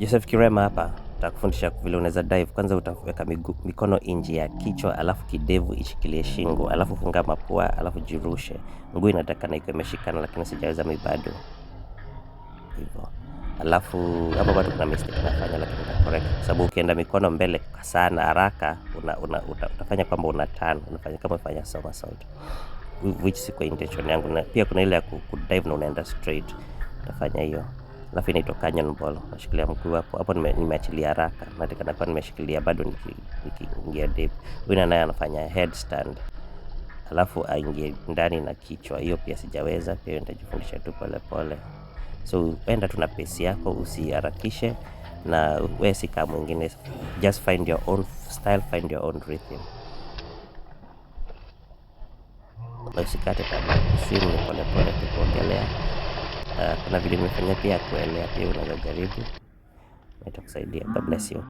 Joseph Kirema hapa takufundisha vile unaweza dive. Kwanza utaweka mikono nje ya kichwa, alafu kidevu ishikilie shingo, alafu funga mapua, alafu jirushe. Mguu inatakana iko imeshikana, lakini sijaweza mimi bado hivyo. Alafu hapo bado kuna mistake nafanya, lakini ta correct kwa sababu ukienda mikono mbele sana haraka una, una, uta, utafanya kwamba una turn unafanya kama unafanya somersault which si kwa intention yangu, na pia kuna ile ya kudive na unaenda straight, utafanya hiyo alafu inaitwa canyon ball. Nashikilia mguu hapo hapo, nimeachilia haraka, nataka nakuwa nimeshikilia bado, nikiingia deep. Huyu naye anafanya headstand, alafu aingie ndani na kichwa. Hiyo pia sijaweza, pia nitajifundisha tu polepole. So enda tu na pace yako, usiharakishe na wewe si kama mwingine, just find your own style, find your own rhythm. na Usikate tamaa, simu ni polepole tu kuogelea Eh, kuna vile nimefanya pia kuelea, pia unaweza kujaribu, itakusaidia. God bless you.